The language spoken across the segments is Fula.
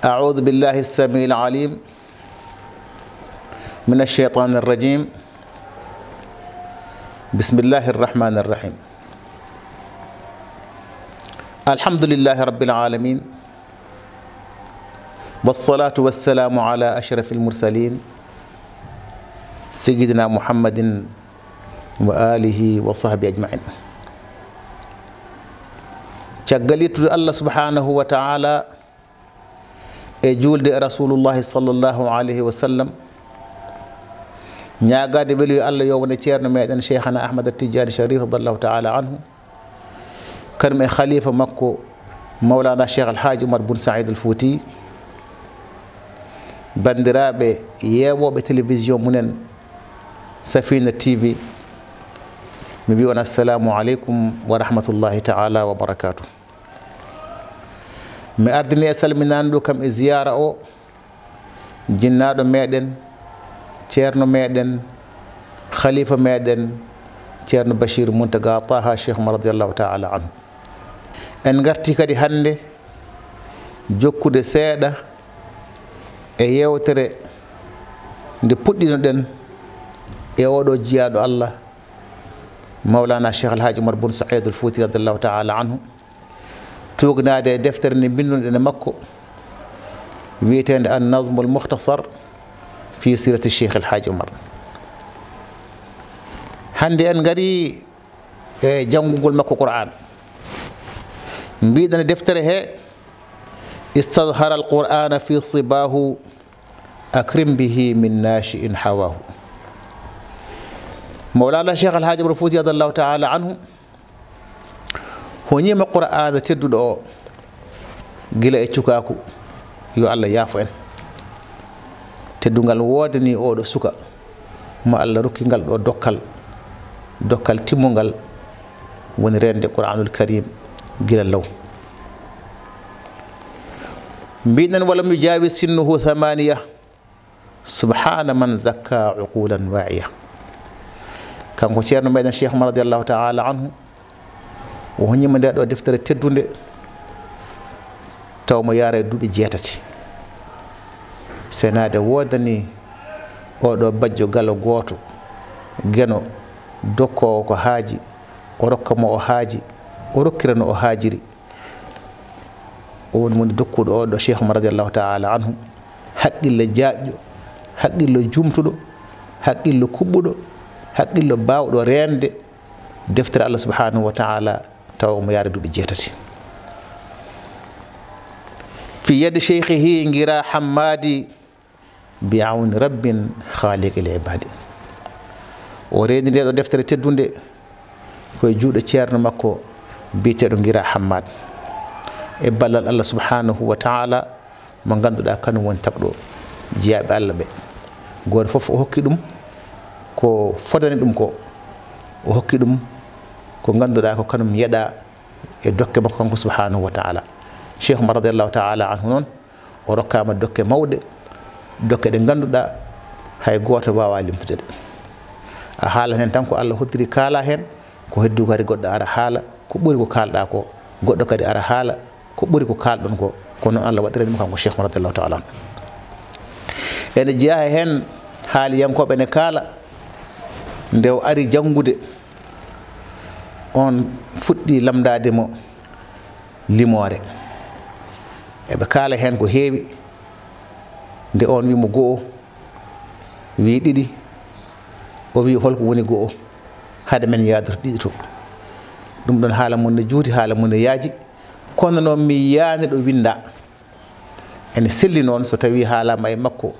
أعوذ بالله السميع العليم من الشيطان الرجيم بسم الله الرحمن الرحيم الحمد لله رب العالمين والصلاة والسلام على أشرف المرسلين سيدنا محمد وآله وصحبه أجمعين caggal الله سبحانه وتعالى e juulde rasulullahi sallllahu alayhi wa sallam ñaagaade weluyo allah yo wone ceerno meeɗen cheikhana ahmada tidiane sharif radiallahu taala anhu kadum e khalifa makko mawlana cheikh alhaji oumar boune saïd al fouti banndiraaɓe yeewooɓe télévision munen safina tv mi wi on assalamu aleykum wa rahmatullahi taala wa barakatuh mi ardini e salminani ɗo kam e ziyara o jinnaɗo meɗen ceerno meɗen khalifa meɗen ceerno bachir muntaga taha cheikh mo radiallahu taala anhu en garti kadi hannde jokkude seeɗa e yewtere nde puɗɗinoɗen e oɗo jiyaɗo allah mawlana cheikh alhaji omar bune saidul fouti radiallahu taala anhu tuugnaade e deftere nde mbinnunɗe ne makko wiyeteende an nasmu l mouhtasar fi sirati cheikh alhaji omar hannde en ngari e janngugol makko qur'an mbiɗene deftere he istadhara al qur'ana fi sibahu acrim bihi min nashi in hawahu mawlana cheikh alhaji omar fouti radiallahu taala anhu ho ñima qur'ana tedduɗo o gila e cukaku yo allah yaafo en teddungal woodani oɗo suka ma allah rokkingal ɗo dokkal dokkal timmungal woni rende qur'anul karim gila law mbinen walam jawi sinnuhu thamaniya subhana man zakka uqulan waiya kanko ceerno meɗen cheikh omar radiallahu taala anhu o hoñima nde ɗo deftere teddude taw mo yaara e duuɓi jeetati senade woodani oɗo bajjo gala gooto geno dokkowo ko haaji o rokka mo o haaji o rokkira no o haajiri o woni mo ni dokkuɗo oɗo cheikh omo radiallahu taala anhu haqqille jaƴƴo haqqillo jumtuɗo haqqillo kuɓɓuɗo haqqillo bawɗo rende deftere allah subhanahu wa taala taw omo yaare duuɓi jeetati fi yadi cheikhihi ngira hammadi bi awni rabbin khaliqi l ibadi o rendindeɗo deftere teddunde koye juuɗo ceerno makko biyeteɗo ngira hammad e ballal allah subhanahu wa taala mo ngannduɗa kanum woni tagɗo jeyaɓe allah ɓe gooto fof o hokki ɗum ko fodani ɗum ko o hokki ɗum ko ngannduɗaa ko kañum yeɗa e dokke makko kanko subhanahu wa taala cheikh omar radiallahu taala anhu noon o rokkaama dokke mawɗe dokke ɗe ngannduɗaa hay gooto waawa limtude ɗe a haalan heen tan ko allah hoddiri kaala heen ko heddu kadi goɗɗo ara haala ko ɓuri ko kaalɗaa ko goɗɗo kadi ara haala ko ɓuri ko kaalɗon ko ko noon allah waɗiranima kanko cheikh omar radiallahu taala anhu ene jeyaa heen haali yankooɓe ne kaala nde o ari janngude on fuɗɗi lamdade mo limore eɓe kala hen ko heewi nde on wimo go'o wi ɗiɗi o wi holko woni go'o haade men yaadoto ɗiɗi to ɗum ɗon haala mum ne juuti haala mum ne yaaji kono noon mi yaani ɗo winda ene selli noon so tawi haalama e makko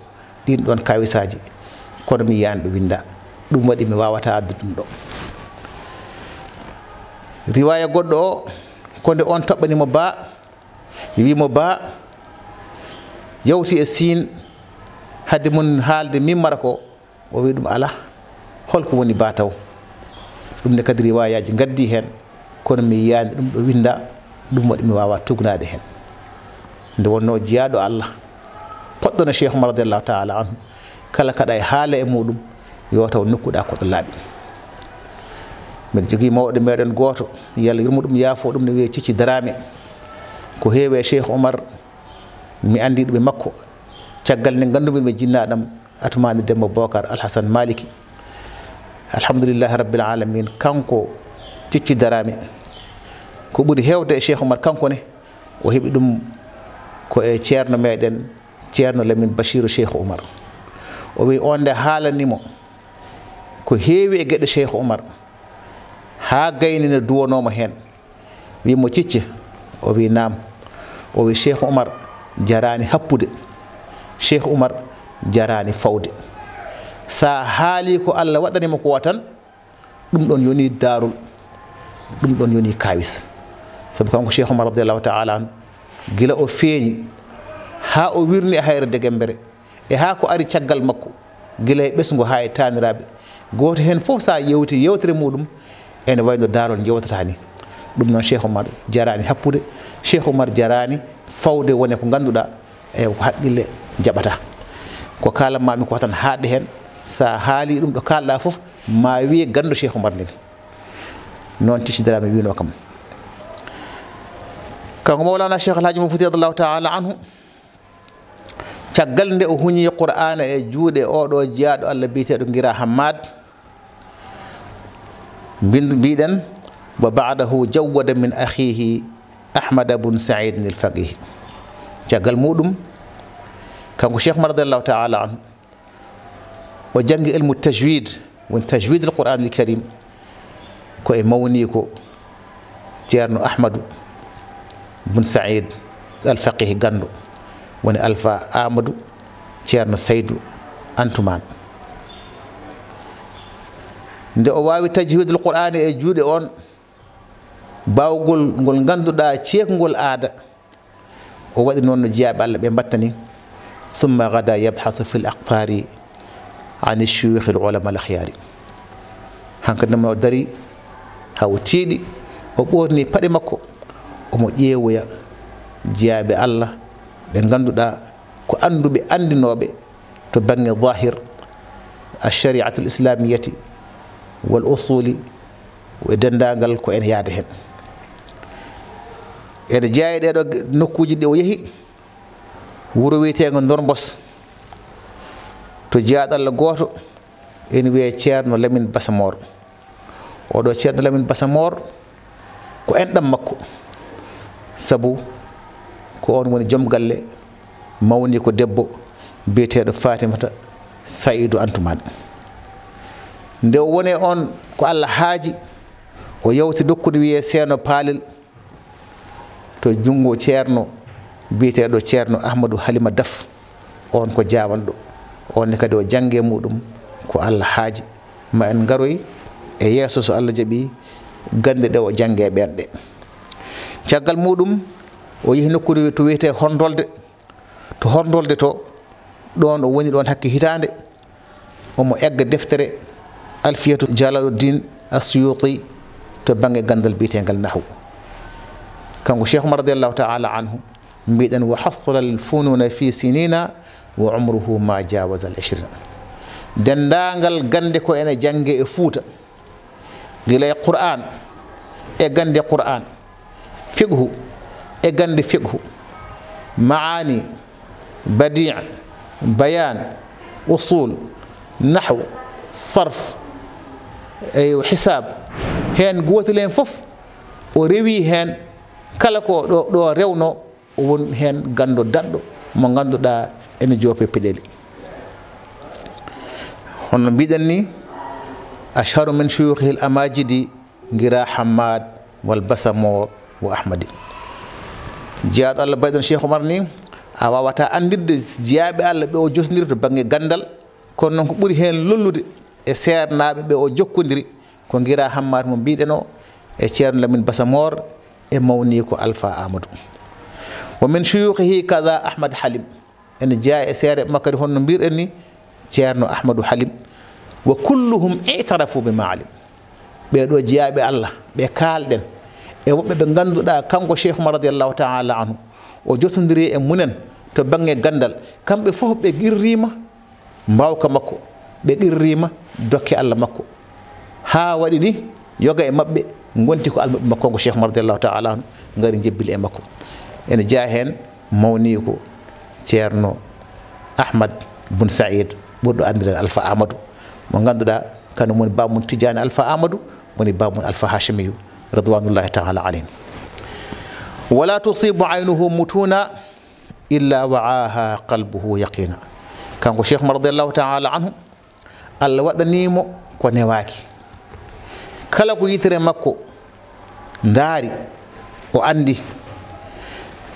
ɗin ɗon kawisaji kono mi yaani ɗo winda ɗum waɗi mi wawata addu ɗum ɗo riwaya goɗɗo o konde on toɓɓanimo ba wimo ba yawti e sin hade mum haalde mimmara ko o wi ɗum ala holko woni ba taw ɗum ne kadi riwayaji gaddi hen kono mi yiyani ɗum ɗo winda ɗum waɗi mi wawa tugnade hen nde wonno jeyaɗo allah poɗɗono cheikh omar radiallahu taala anhu kala kaɗa e haala e muɗum yo taw nokkuɗa koɗo laaɓi mbiɗa jogii mawɗe meeɗen gooto yallah yurmo ɗum yaafo ɗum ne wiye cicci daraame ko heewi e cheikh omar mi anndi ɗum e makko caggal nde nganndumi ɓe jinnaaɗam atumaande dembo bocar alhasane maliki alhamdulillahi rabbilalamin kanko cicci daraame ko ɓuri heewde e cheikh omar kanko ne o heɓi ɗum ko e ceerno meeɗen ceerno lamin bachiru cheikh omar o wii on nde haalanimo ko heewi e geɗe cheikh omar ha gayni no duwanoma hen wimo cicce o wi nam o wi cheikh oumar jarani happude cheikh oumar jarani fawde sa haali ko allah waɗanima ko tan ɗum ɗon yoni darul ɗum ɗon yoni kawis saabu kanko cheikh oumar radiallahu taala an gila o feeñi ha o wirni e hayre degembere e ha ko ari caggal makko gila e ɓesgo ha e taniraɓe goto hen fof sa yewti yewtere muɗum ene wayno daarol jewtata ni ɗum noon cheikh oumar jarani happude cheikh oumar jarani fawde wone ko ganduɗa e ko haqqille jaɓata ko kalanmami ko tan haɗde hen sa haali ɗum ɗo kalɗa foof ma wiye gandu cheikh oumar ndene noon ticcidirami e wino kam kanko mawlana cheikh alhaji mofuti radiallahu taala anhu caggal nde o huñi qur'ana e juuɗe oɗo jiyaɗo allah biyeteɗo guira hammade mbiɗen wa badahu jawwada min ahihi ahmada bun said nil faqih caggal muɗum kanko cheikh ma radiallahu taala an o jangi ilmu tajwid woni tajwid al qouran al karim ko e mawni ko ceerno ahmadou bun said alfaqih gandu woni alpha amadou ceerno saydou antoumane nde o waawi tajhidul qur'ana e juuɗe on baawgol ngol ngannduɗaa ceekngol aada o waɗi noon no jeyaaɓe allah ɓe mbatta ni summa gada yabhasu fi l aqfari ani chuikhi l ulama l ahyari hanka ndemo o darii haa o tiiɗi o ɓoornii paɗe makko omo ƴeewoya jeyaaɓe allah ɓe ngannduɗaa ko annduɓe anndinooɓe to baŋnge dahir a chariatu l islamiyati wal usuli e denndaangal ko ene yahde heen ene jeeya ɗee ɗo nokkuuji ɗi o yehi wuro wiyeteengo ndormbos to jeyaaɗo allah gooto ene wiyee ceerno lamin basamor oɗo ceerno lamin basamor ko enɗam makko sabu ko on woni joom galle mawni ko debbo biyeteeɗo fatimata sayidou antumane nde woni on ko allah haaji o yewti dokkude wiye seeno paalel to junngo ceerno biyeteeɗo ceerno ahmadou halima daf on ko jaawanɗo on ne kadi o jange e muɗum ko allah haaji ma en ngaroy e yeeso so allah jaɓi gande ɗe o jange ɓen ɗe caggal muɗum o yehi nokkude to wiyete hondolde to hondolde to ɗon o woni ɗon hakke hitande omo egga deftere alfiyatu jalaluddin asuyuti to bange gandal biyetegal nahwu kanko cheikh omar radiallahu taala anhu mbiɗen wa hassala alfununa fi sinina wa umruhu ma jawasa al ishrin dendagal gande ko ene jange e fuuta gilay qur'an e gande qur'an fiqhu e gande fiqhu maani badi bayan usul nahwu sarfe hisab heen gootel heen fof o rewii heen kala ko ɗo ɗo rewno won heen ganndo daɗɗo mo ngannduɗaa ene joope piɗeli hono mbiɗen ni acharu min chouyukihil amajidi ngira hammad wal basamor wo ahmadi jeyaɗo allah bayɗon cheikh omar ni a wawata andirde jeyaɓe allah ɓe o josodir to bange gandal kono noon ko ɓuri heen lollude e seernaaɓe ɓe o jokkondiri ko ngira hammat mo mbiɗen o e ceerno lamin basamor e mawni ko alpha amadou wo min suyuhihi kada ahmad halim ene jeeya e seere makkadi honno mbirɗen ni ceerno ahmadou halim wo kulluhum itarafu be maalim ɓeɗo jeeyaɓe allah ɓe kaalɗen e woɓɓe ɓe ngannduɗa kanko cheikh ma radiallahu taala anu o jotodiri e munen to bange gandal kamɓe fof ɓe girrima mbawka makko ɓe qirrima dokke allah makko ha waɗi ni yoga e mabɓe gonti ko almaɓe makko ngo cheikh mardiallahu taala anu gari jebbile e makko ene jeya hen mawni ko ceerno ahmad bune saïd ɓurɗo andiren alpha amadou mo ganduɗa kano woni bamum tidiani alpha amadou woni bamum alpha hachimiyu radwanullahi taala alayhm wala tusibu aynuhu mutuna illa wa aha qalbuhu yaqina kanko cheikh mo radiallahu taala anhu allah waɗanimo ko newaki kala ko yitere makko daari o andi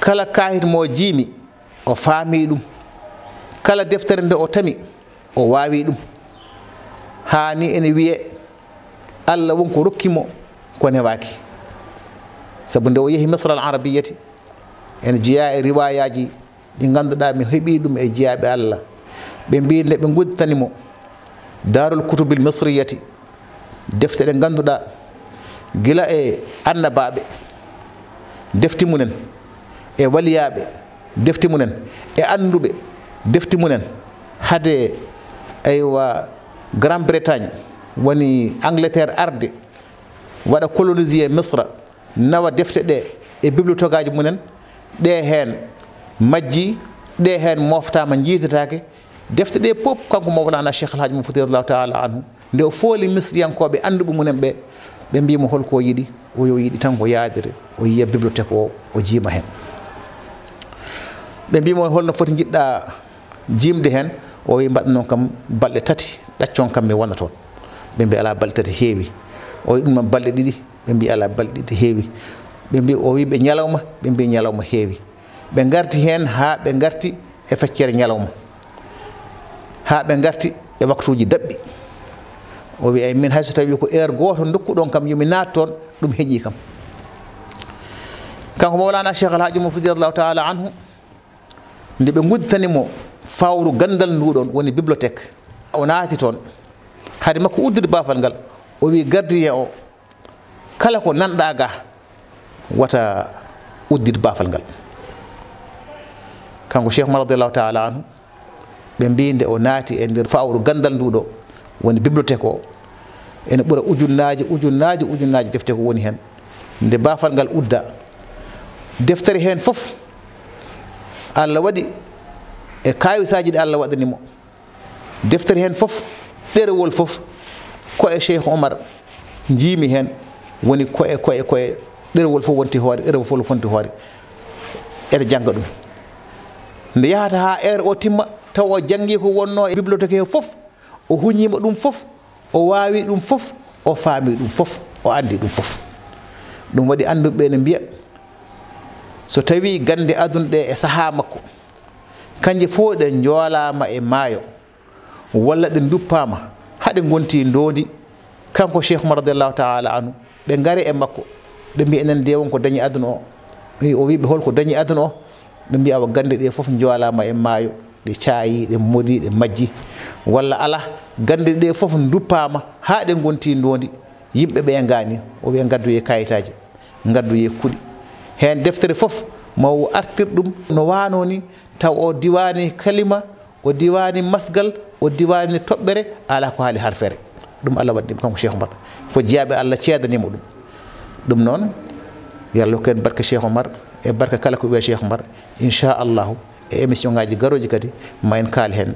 kala kahit mo jiimi o faami ɗum kala deftere nde o tami o wawi ɗum hani ene wiye allah wonko rokkimo ko newaki saabu nde o yeehi misre al arabiyati ene jeeya e riwayaji ɗi ganduɗa mi heeɓi ɗum e jeeyaɓe allah ɓe mbi nde ɓe goditanimo darul coutubil misriyati defte ɗe ganduɗa gila e annabaɓe defti munen e waliyaɓe defti munen e anduɓe defti munen hade aywa grand bretagne woni angleterre arde waɗa colonisé misra nawa defte ɗe e bibliotogaji munen ɗe hen majji ɗe hen moftama jiitetake defte ɗe pop kanko mo wonana cheikh alhaji mofati radillahu taala anhu nde o fooli misriyankoɓe andu ɓumunen ɓe ɓe mbimo holko yiɗi oyo yiɗi tan ko yaadire o yiya bibliothèque o o jiima hen ɓe mbimo holno foti jiɗɗa jimde hen o wi mbaɗa noon kam balɗe tati ɗaccon kam mi wona toon ɓe mbi ala balɗe tati heewi o wi ɗumma balɗe ɗiɗi ɓe mbi ala balɗe ɗiɗi heewi ɓe mbi o wi ɓe ñalawma ɓe mbi ñalawma heewi ɓe garti hen ha ɓe garti e feccere ñalawma haa ɓe ngarti e waktuuji daɓɓi o wi ay min hay so tawii ko heure gooto dokkuɗon kam yomi naat toon ɗum heƴii kam kanko mawlana cheikh alhaji mofidi radillahu taala anhu nde ɓe nguditani mo fawru ganndal nduuɗon woni bibliothèque o naati toon hade makko uddude baafal ngal o wii gardien o kala ko nanɗaa gaa wata uddide baafal ngal kanko cheikh ma radiallahu taala anhu ɓe mbinde o naati e ndeer fawru gandal nduɗo woni bibliothèque o ene ɓura ujunnaji ujunnaji ujunnaji defte ko woni hen nde bafal ngal udda deftere hen fof allah waɗi e kawisaji ɗi allah waɗanimo deftere hen fof ɗerewol fof ko e cheikh omar jiimi hen woni koye koye koye ɗerewol fof wonti hoore ɗerewol fof wonti hoore ene jangga ɗum nde yahata ha ere o timma taw o janngii ko wonno e bibliothéque he fof o huñiima ɗum fof o waawi ɗum fof o faami ɗum fof o anndi ɗum fof ɗum waɗi annduɓe ne mbiya so tawii gannde aduna ɗe e sahaa makko kannje fof ɗe njoolaama e maayo walla ɗe nduppaama haɗe ngontii ndoondi kanko cheikh omar radiallahu taala anu ɓe ngari e makko ɓe mbiya enen ndewon ko dañi aduna o o wiiɓe holko dañi aduna o ɓe mbiya o gannde ɗe fof njoolaama e maayo ɗe caayi ɗe modi ɗe majji walla ala gande ɗe fof duppama ha ɗe gonti dondi yimɓe ɓe gani o wiya gaddu ye kayitaji gaddu ye kuɗi hen deftere fof mawo artir ɗum no wano ni taw o diwani kalima o diwani masgal o diwani toɓɓere ala ko haali harfere ɗum allah waɗi ɗim kanko cheikh omar ko jeyaɓe allah ceedanima ɗum ɗum noon yo allah hokken barka cheikh omar e barka kala ko wiya cheikh omar inchallahu e émission ngaji garoji kadi ma en kaal hen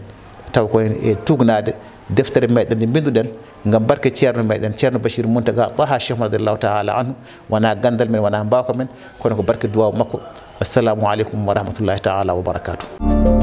taw koyen e tugnade deftere meɗen nde binduɗen gam barke ceerno meɗen ceerno bachir montaga taha cheikh mohamad allahu taala anhu wona gandal men wona mbawka men kono ko barke duwaw makko assalamu aleykum wa rahmatullahi taala wa barakatuh